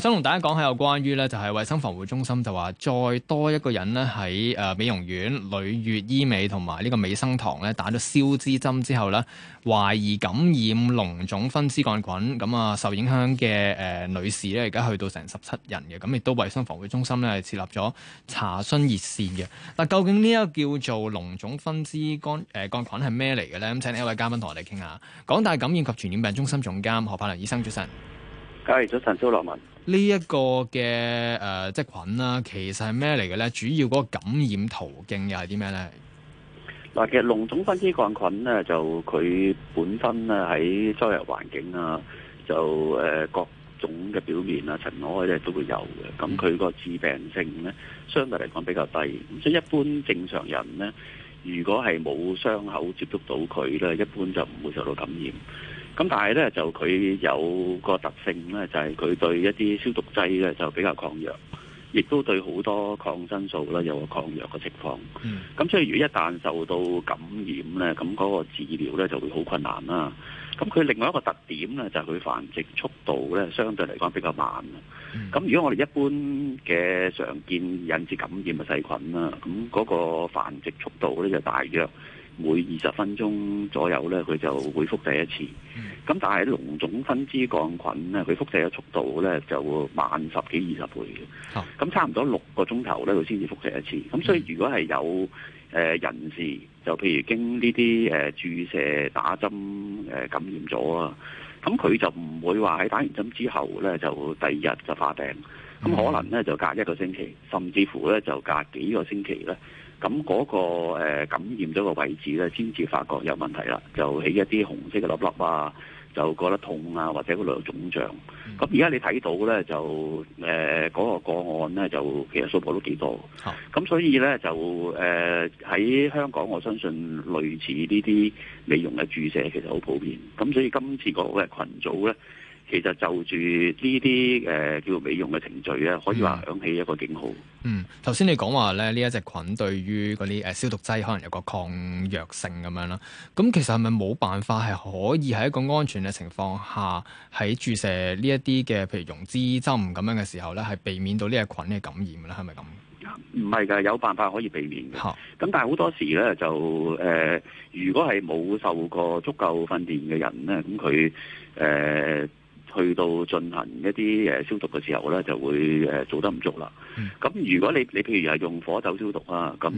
想同大家講下有關於咧，就係衛生防護中心就話再多一個人咧喺誒美容院、女悅醫美同埋呢個美生堂咧打咗消脂針之後咧，懷疑感染膿腫分枝桿菌，咁啊受影響嘅誒女士咧而家去到成十七人嘅。咁亦都衛生防護中心咧係設立咗查詢熱線嘅。嗱，究竟呢一個叫做膿腫分枝干誒桿菌係咩嚟嘅呢？咁請一位嘉賓同我哋傾下，港大感染及傳染病中心總監何栢良醫生主持。唉，早晨，周樂文。呢一個嘅誒、呃，即菌啦、啊，其實係咩嚟嘅咧？主要嗰個感染途徑又係啲咩咧？嗱，其實膿腫分枝桿菌咧，就佢本身咧喺周圍環境啊，就誒、呃、各種嘅表面啊、塵埃咧都會有嘅。咁佢個致病性咧，相對嚟講比較低。咁所以一般正常人咧，如果係冇傷口接觸到佢咧，一般就唔會受到感染。咁但係咧就佢有個特性咧，就係佢對一啲消毒劑咧就比較抗藥，亦都對好多抗生素咧有個抗藥嘅情況。咁所以如果一旦受到感染咧，咁嗰個治療咧就會好困難啦。咁佢另外一個特點咧就係佢繁殖速度咧相對嚟講比較慢。咁、嗯、如果我哋一般嘅常見引致感染嘅細菌啦，咁嗰個繁殖速度咧就大約，每二十分鐘左右咧，佢就會複製一次。咁、嗯、但係啲膿腫分枝桿菌咧，佢複製嘅速度咧就會慢十幾二十倍嘅。咁、啊、差唔多六個鐘頭咧，佢先至複製一次。咁所以如果係有人士，嗯、就譬如經呢啲注射打針感染咗啊，咁佢就唔會話喺打完針之後咧就第二日就發病。咁、嗯、可能咧、嗯、就隔一個星期，甚至乎咧就隔幾個星期咧。咁嗰個感染咗個位置咧，先至發覺有問題啦，就起一啲紅色嘅粒粒啊，就覺得痛啊，或者嗰度有腫脹。咁而家你睇到咧，就誒嗰、呃嗰個個案咧，就其實數目都幾多。好，咁所以咧就誒喺、呃、香港，我相信類似呢啲美容嘅注射其實好普遍。咁所以今次個嘅群組咧，其實就住呢啲誒叫美容嘅程序咧，可以話響起一個警號。嗯，頭先你講話咧，呢一隻菌對於嗰啲誒消毒劑可能有個抗藥性咁樣啦。咁其實係咪冇辦法係可以喺一個安全嘅情況下喺注射呢一啲嘅譬如溶脂針咁樣嘅時候咧，係避免到呢隻菌嘅感染咧？係咪咁？唔係㗎，有辦法可以避免嘅。咁哈但係好多時咧就誒、呃，如果係冇受過足夠訓練嘅人咧，咁佢誒。呃去到進行一啲誒消毒嘅時候咧，就會誒做得唔足啦。咁如果你你譬如係用火酒消毒啊，咁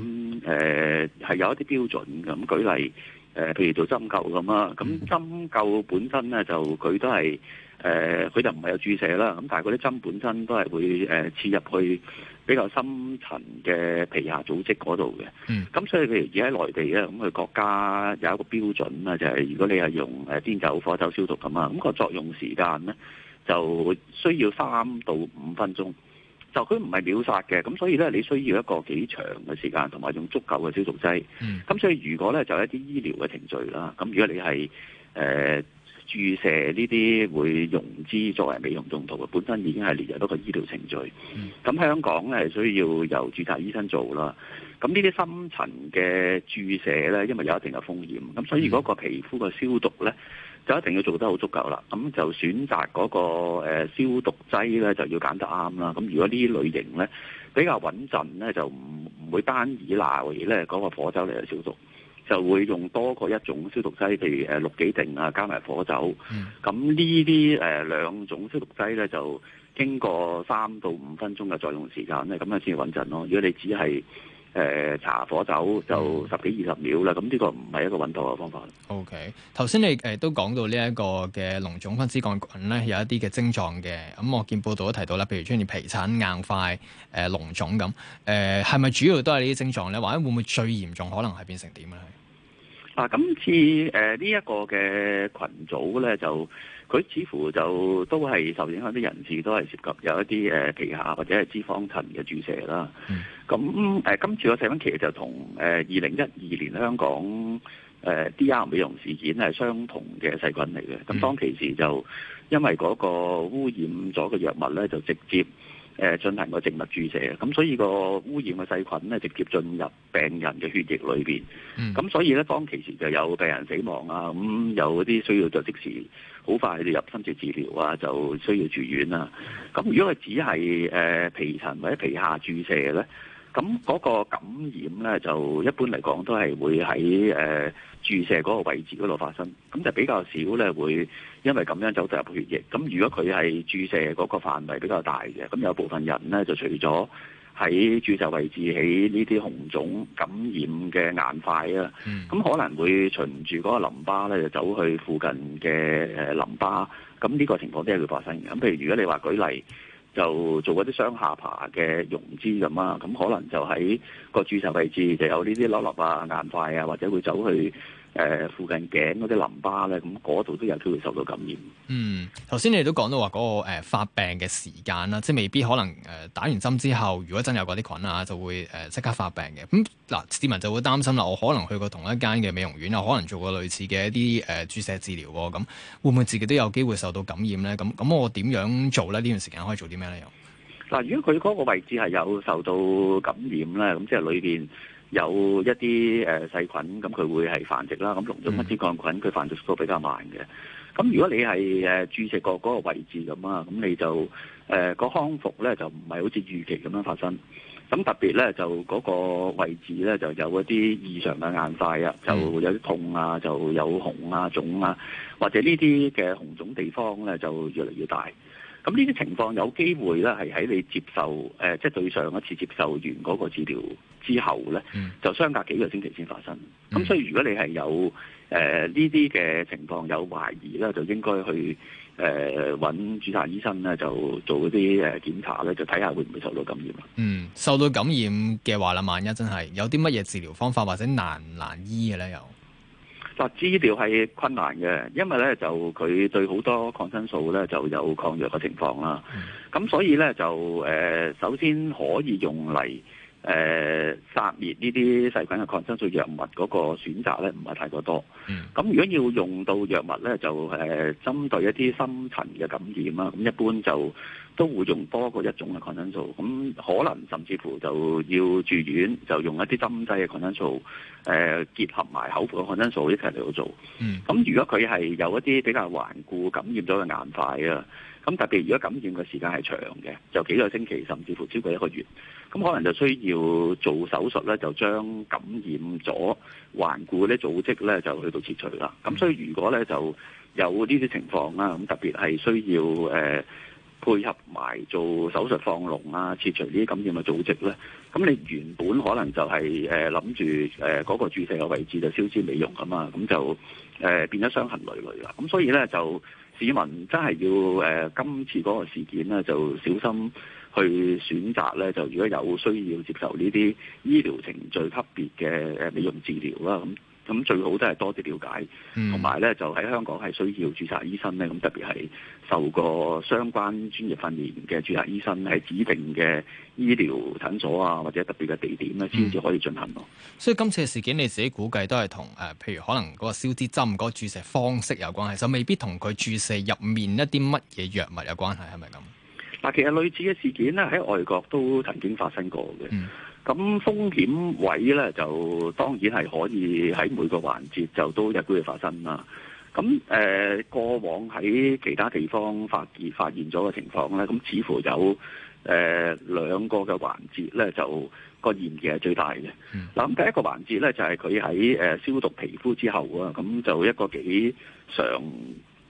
誒係有一啲標準嘅。咁舉例誒、呃，譬如做針灸咁啊，咁針灸本身咧就佢都係。誒佢、呃、就唔係有注射啦，咁但係嗰啲針本身都係會誒、呃、刺入去比較深層嘅皮下組織嗰度嘅。咁、嗯、所以譬如而喺內地咧，咁佢國家有一個標準啦，就係、是、如果你係用誒碘酒、火酒消毒咁啊，咁個作用時間咧就需要三到五分鐘。就佢唔係秒殺嘅，咁所以咧你需要一個幾長嘅時間，同埋用足夠嘅消毒劑。咁、嗯、所以如果咧就係一啲醫療嘅程序啦，咁如果你係誒。呃注射呢啲會溶脂作為美容用途嘅，本身已經係列入到個醫療程序。咁、嗯、香港咧需要由註冊醫生做啦。咁呢啲深層嘅注射咧，因為有一定嘅風險，咁所以嗰個皮膚嘅消毒咧，就一定要做得好足夠啦。咁就選擇嗰個消毒劑咧，就要揀得啱啦。咁如果呢啲類型咧比較穩陣咧，就唔唔會單以拿回咧講個火酒嚟嘅消毒。就會用多過一種消毒劑，譬如誒氯己定啊，加埋火酒。咁呢啲誒兩種消毒劑咧，就經過三到五分鐘嘅作用時間咧，咁啊先穩陣咯。如果你只係誒搽火酒，就十幾二十秒啦，咁呢個唔係一個穩妥嘅方法。O K，頭先你誒都講到呢一個嘅膿腫分枝桿菌咧，有一啲嘅症狀嘅。咁、嗯、我見報道都提到啦，譬如出現皮疹、硬塊、誒、呃、膿腫咁。係、呃、咪主要都係呢啲症狀咧？或者會唔會最嚴重可能係變成點咧？嗱、啊，今次誒呢、呃、一個嘅群組咧，就佢似乎就都係受影響啲人士，都係涉及有一啲誒、呃、皮下或者係脂肪層嘅注射啦。咁誒、嗯呃，今次個細菌其實就同誒二零一二年香港誒、呃、DR 美容事件係相同嘅細菌嚟嘅。咁當其時就因為嗰個污染咗嘅藥物咧，就直接，誒進行個靜脈注射，咁所以個污染嘅細菌咧直接進入病人嘅血液裏面。咁所以咧當其時就有病人死亡啊，咁有啲需要就即時好快就入深切治療啊，就需要住院啊。咁如果佢只係皮層或者皮下注射咧，咁嗰個感染咧，就一般嚟講都係會喺誒、呃、注射嗰個位置嗰度發生，咁就比較少咧會因為咁樣走進入血液。咁如果佢係注射嗰個範圍比較大嘅，咁有部分人咧就除咗喺注射位置起呢啲紅腫感染嘅硬塊啊，咁、mm. 可能會循住嗰個淋巴咧就走去附近嘅誒淋巴，咁呢個情況都係會發生嘅。咁譬如如果你話舉例。就做嗰啲雙下巴嘅溶脂咁啊，咁可能就喺個注射位置就有呢啲粒粒啊、硬塊啊，或者會走去。誒附近頸嗰啲淋巴咧，咁嗰度都有機會受到感染。嗯，頭先你都講到話嗰個誒發病嘅時間啦，即係未必可能誒打完針之後，如果真有嗰啲菌啊，就會誒即刻發病嘅。咁嗱，市民就會擔心啦，我可能去過同一間嘅美容院，又可能做過類似嘅一啲誒、呃、注射治療喎，咁會唔會自己都有機會受到感染咧？咁咁我點樣做咧？呢段時間可以做啲咩咧？又嗱，如果佢嗰個位置係有受到感染咧，咁即係裏邊。有一啲誒細菌，咁佢會係繁殖啦。咁膿腫分枝桿菌，佢繁殖速度比較慢嘅。咁如果你係誒注射過嗰個位置咁啊，咁你就誒、嗰個康復咧就唔係好似預期咁樣發生。咁特別咧就嗰個位置咧就有一啲異常嘅硬塊啊，嗯、就會有啲痛啊，就有紅啊、腫啊，或者呢啲嘅紅腫地方咧就越嚟越大。咁呢啲情況有機會咧係喺你接受誒，即係對上一次接受完嗰個治療，之後咧就相隔幾個星期先發生，咁、嗯、所以如果你係有誒呢啲嘅情況有懷疑咧，就應該去誒揾、呃、主診醫生咧就做一啲誒檢查咧，就睇下會唔會受到感染。嗯，受到感染嘅話啦，萬一真係有啲乜嘢治療方法或者難難醫嘅咧，又，嗱，治療係困難嘅，因為咧就佢對好多抗生素咧就有抗藥嘅情況啦，咁、嗯、所以咧就誒、呃、首先可以用嚟。誒、呃、殺滅呢啲細菌嘅抗生素藥物嗰個選擇咧，唔係太過多。咁如果要用到藥物咧，就、呃、針對一啲深層嘅感染啦。咁一般就都會用多過一種嘅抗生素。咁可能甚至乎就要住院，就用一啲針劑嘅抗生素。誒、呃、結合埋口服嘅抗生素一齊嚟到做。咁、嗯、如果佢係有一啲比較頑固感染咗嘅癌塊啊，咁特別如果感染嘅時間係長嘅，就幾個星期甚至乎超過一個月。咁可能就需要做手術咧，就將感染咗環顧啲組織咧，就去到切除啦。咁所以如果咧就有呢啲情況啦，咁特別係需要、呃、配合埋做手術放膿啊，切除呢啲感染嘅組織咧。咁你原本可能就係諗住嗰個注射嘅位置就消脂美容啊嘛，咁就誒、呃、變咗傷痕累累啦。咁所以咧就市民真係要誒、呃、今次嗰個事件咧就小心去選擇咧，就如果有需要接受呢啲醫療程序級別嘅誒美容治療啦，咁咁最好都係多啲了解，同埋咧就喺香港係需要註冊醫生咧，咁特別係受過相關專業訓練嘅註冊醫生喺指定嘅醫療診所啊，或者特別嘅地點咧，先至可以進行咯。所以今次嘅事件，你自己估計都係同誒，譬如可能嗰個消脂針嗰個注射方式有關係，就未必同佢注射入面一啲乜嘢藥物有關係，係咪咁？嗱，但其實類似嘅事件咧喺外國都曾經發生過嘅，咁風險位咧就當然係可以喺每個環節就都一到去發生啦。咁誒、呃、過往喺其他地方發發現咗嘅情況咧，咁似乎有誒、呃、兩個嘅環節咧，就個嫌疑係最大嘅。嗱，咁第一個環節咧就係佢喺誒消毒皮膚之後啊，咁就一個幾常。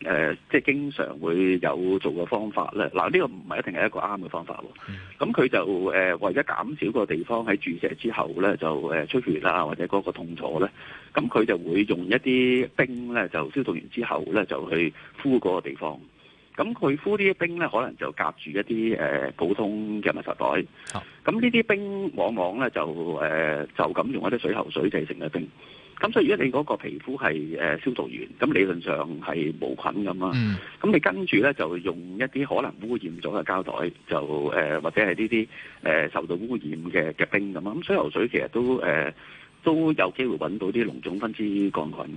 誒、呃，即係經常會有做嘅方法咧。嗱，呢個唔係一定係一個啱嘅方法喎。咁佢就誒、呃，為咗減少個地方喺注射之後咧，就誒出血啦，或者嗰個痛楚咧，咁佢就會用一啲冰咧，就消毒完之後咧，就去敷嗰個地方。咁佢敷呢啲冰咧，可能就夾住一啲、呃、普通嘅密實袋。咁呢啲冰往往咧就誒、呃、就咁用一啲水喉水製成嘅冰。咁所以如果你嗰個皮膚係誒消毒完，咁理論上係無菌咁啊。咁、嗯、你跟住咧就用一啲可能污染咗嘅膠袋，就誒、呃、或者係呢啲誒受到污染嘅嘅冰咁啊，咁水喉水其實都誒、呃、都有機會揾到啲膿腫分枝桿菌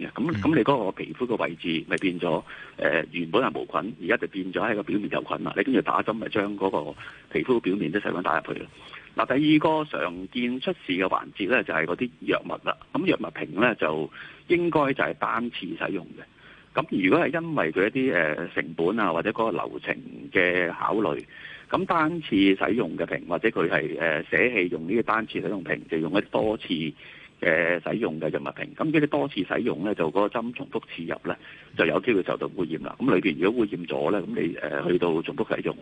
嘅，咁咁你嗰個皮膚嘅位置咪變咗誒、呃、原本係無菌，而家就變咗喺個表面有菌啦，你跟住打針咪將嗰個皮膚表面啲細菌打入去咯。嗱，第二個常見出事嘅環節咧，就係嗰啲藥物啦。咁藥物瓶咧，就應該就係單次使用嘅。咁如果係因為佢一啲誒成本啊，或者嗰個流程嘅考慮，咁單次使用嘅瓶，或者佢係誒捨棄用呢個單次使用瓶，就用咗多次，嘅使用嘅藥物瓶，咁佢哋多次使用咧，就、那、嗰個針重複刺入咧，就有機會受到污染啦。咁裏邊如果污染咗咧，咁你誒去到重複使用，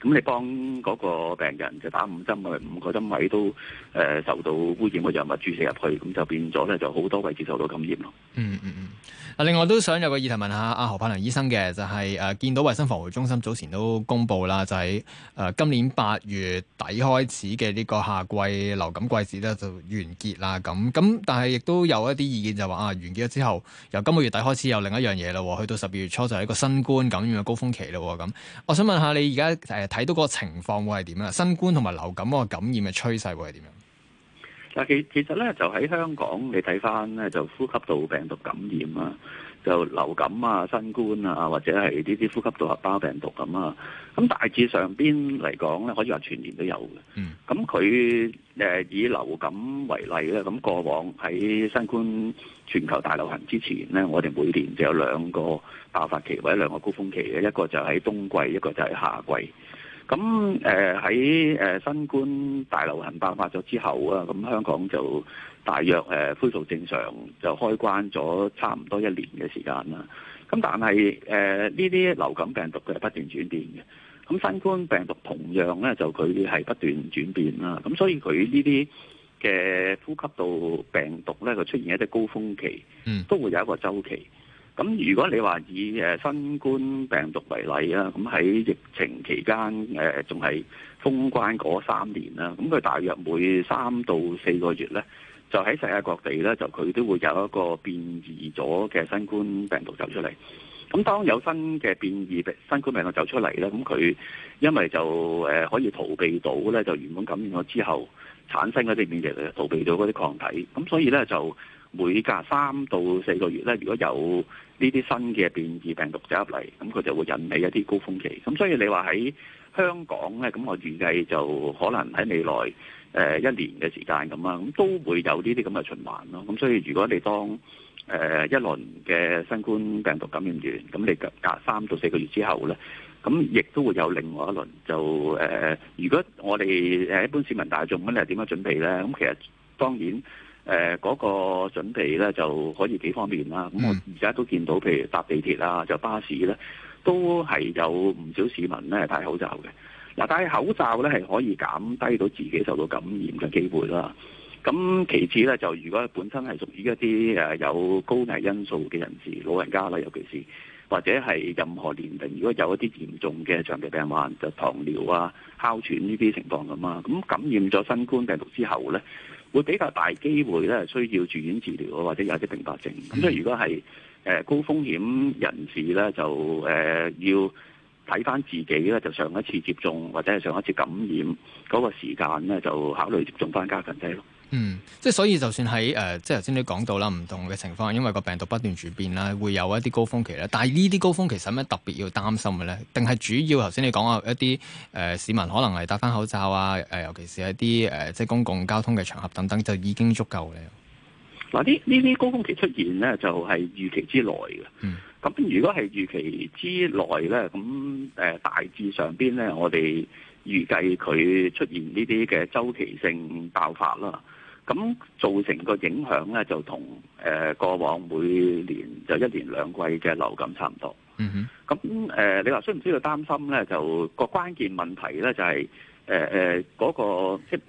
咁你幫嗰個病人就打五針嘅五、那個針位都誒受到污染嘅藥物注射入去，咁就變咗咧就好多位置受到感染咯、嗯。嗯嗯嗯。啊，另外都想有個議題問下阿何栢良醫生嘅，就係、是、誒見到衞生防護中心早前都公布啦，就喺、是、誒今年八月底開始嘅呢個夏季流感季節咧就完結啦。咁咁，但係亦都有一啲意見就話啊，完結咗之後，由今個月底開始有另一樣嘢喎。去到十二月初就係一個新冠感染嘅高峰期喎。咁我想問下你而家誒睇到嗰個情況會係點啊？新冠同埋流感嗰個感染嘅趨勢會係點樣？其其實咧，就喺香港，你睇翻咧，就呼吸道病毒感染啊，就流感啊、新冠啊，或者係呢啲呼吸道合胞、啊、病毒咁啊。咁大致上邊嚟講咧，可以話全年都有嘅。咁佢、嗯呃、以流感為例咧，咁過往喺新冠全球大流行之前咧，我哋每年就有兩個爆發期或者兩個高峰期嘅，一個就喺冬季，一個就係夏季。咁誒喺新冠大流行爆發咗之後啊，咁香港就大約恢復正常就開關咗差唔多一年嘅時間啦。咁但係誒呢啲流感病毒佢係不斷轉變嘅，咁新冠病毒同樣咧就佢係不斷轉變啦。咁所以佢呢啲嘅呼吸道病毒咧，佢出現一啲高峰期，嗯，都會有一個週期。咁如果你話以誒新冠病毒為例啊，咁喺疫情期間誒仲係封關嗰三年啦，咁佢大約每三到四個月咧，就喺世界各地咧，就佢都會有一個變異咗嘅新冠病毒走出嚟。咁當有新嘅變異新冠病毒走出嚟咧，咁佢因為就誒可以逃避到咧，就原本感染咗之後產生嗰啲免疫逃避到嗰啲抗體，咁所以咧就。每隔三到四個月呢，如果有呢啲新嘅變異病毒走入嚟，咁佢就會引起一啲高峰期。咁所以你話喺香港呢，咁我預計就可能喺未來誒、呃、一年嘅時間咁啊，咁都會有呢啲咁嘅循環咯。咁所以如果你當誒、呃、一輪嘅新冠病毒感染完咁，你隔三到四個月之後呢，咁亦都會有另外一輪就誒、呃。如果我哋一般市民大眾咁，你係你點樣準備呢？咁其實當然。誒嗰、呃那個準備咧就可以幾方便啦。咁我而家都見到，譬如搭地鐵啊，就巴士咧，都係有唔少市民咧係戴口罩嘅。嗱，戴口罩咧係、啊、可以減低到自己受到感染嘅機會啦。咁其次咧，就如果本身係屬於一啲誒有高危因素嘅人士，老人家啦，尤其是或者係任何年齡，如果有一啲嚴重嘅長期病患，就糖尿啊、哮喘呢啲情況咁啊，咁感染咗新冠病毒之後咧。會比較大機會咧，需要住院治療啊，或者有啲併發症。咁所以如果係誒、呃、高風險人士咧，就誒、呃、要睇翻自己咧，就上一次接種或者係上一次感染嗰、那個時間咧，就考慮接種翻加強劑咯。嗯，即係所以，就算喺誒、呃、即係頭先你講到啦，唔同嘅情況，因為個病毒不斷轉變啦，會有一啲高峰期啦。但係呢啲高峰期使咩特別要擔心嘅咧？定係主要頭先你講啊，一啲誒、呃、市民可能係戴翻口罩啊，誒、呃、尤其是一啲誒、呃、即係公共交通嘅場合等等，就已經足夠咧。嗱，呢呢啲高峰期出現咧，就係、是、預期之內嘅。嗯，咁如果係預期之內咧，咁誒、呃、大致上邊咧，我哋預計佢出現呢啲嘅周期性爆發啦。咁造成個影響咧，就同誒過往每年就一年兩季嘅流感差唔多。嗯哼。咁誒、呃，你話需唔需要擔心咧？就個關鍵問題咧，就係，就係誒誒嗰個即係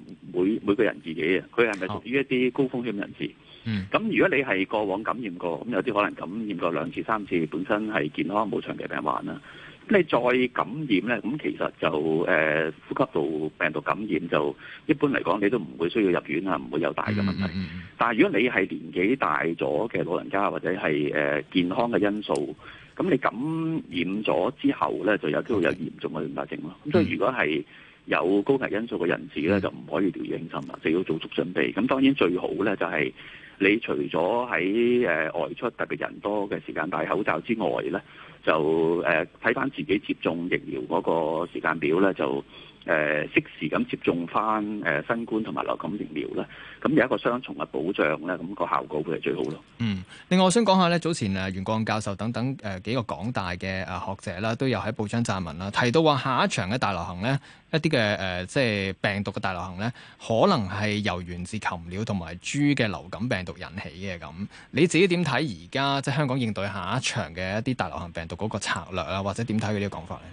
每每個人自己嘅，佢係咪屬於一啲高風險人士？嗯、哦。咁如果你係過往感染過，咁有啲可能感染過兩次、三次，本身係健康冇長期病患啦。你再感染呢，咁其實就誒、呃、呼吸道病毒感染就一般嚟講，你都唔會需要入院啊，唔會有大嘅問題。Mm hmm. 但如果你係年紀大咗嘅老人家，或者係、呃、健康嘅因素，咁你感染咗之後呢，就有機會有嚴重嘅併發症咯。咁、mm hmm. 所以如果係有高危因素嘅人士呢，mm hmm. 就唔可以掉以輕心啦，就要做足準備。咁當然最好呢，就係你除咗喺、呃呃、外出特別人多嘅時間戴口罩之外呢。就誒睇翻自己接種疫苗嗰個時間表咧，就。誒，適時咁接種翻誒、呃、新冠同埋流感疫苗呢，咁有一個雙重嘅保障咧，咁、那個效果會係最好咯。嗯，另外我想講下咧，早前誒袁國勇教授等等誒、呃、幾個港大嘅誒學者啦，都有喺報章撰文啦，提到話下一場嘅大流行咧，一啲嘅、呃、即係病毒嘅大流行咧，可能係由源自禽鳥同埋豬嘅流感病毒引起嘅咁。你自己點睇而家即係香港應對下一場嘅一啲大流行病毒嗰個策略啊，或者點睇佢呢個講法咧？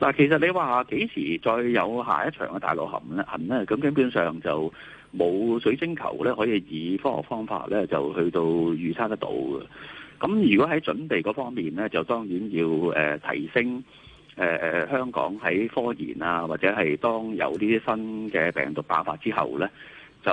嗱，其實你話幾時再有下一場嘅大流行咧？行咧，咁基本上就冇水晶球咧，可以以科學方法咧，就去到預測得到嘅。咁如果喺準備嗰方面咧，就當然要誒提升誒誒香港喺科研啊，或者係當有呢啲新嘅病毒爆發之後咧，就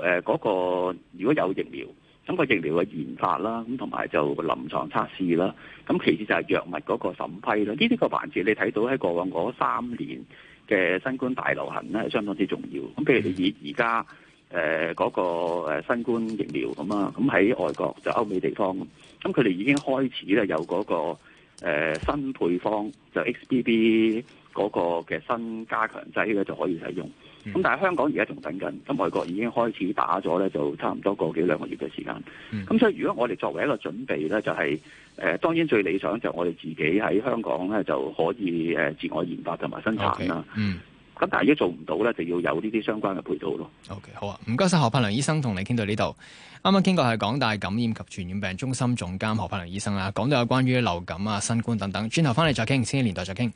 誒嗰個如果有疫苗。咁個疫苗嘅研發啦，咁同埋就臨床測試啦，咁其次就係藥物嗰個審批啦。呢啲個環節你睇到喺過往嗰三年嘅新冠大流行咧，相當之重要。咁譬如以而家誒嗰個誒新冠疫苗咁啊，咁喺外國就歐美地方，咁佢哋已經開始咧有嗰個誒新配方就 XBB。嗰個嘅新加強劑咧，就可以使用。咁但係香港而家仲等緊，咁外國已經開始打咗咧，就差唔多個幾兩個月嘅時間。咁、嗯、所以如果我哋作為一個準備咧，就係、是、誒、呃、當然最理想就是我哋自己喺香港咧就可以誒自我研發同埋生產啦。Okay, 嗯，咁但係如果做唔到咧，就要有呢啲相關嘅配套咯。O、okay, K，好啊，唔該晒。何栢良醫生同你傾到呢度。啱啱傾過係港大感染及傳染病中心總監何栢良醫生啦，講到有關於流感啊、新冠等等，轉頭翻嚟再傾，千禧年代再傾。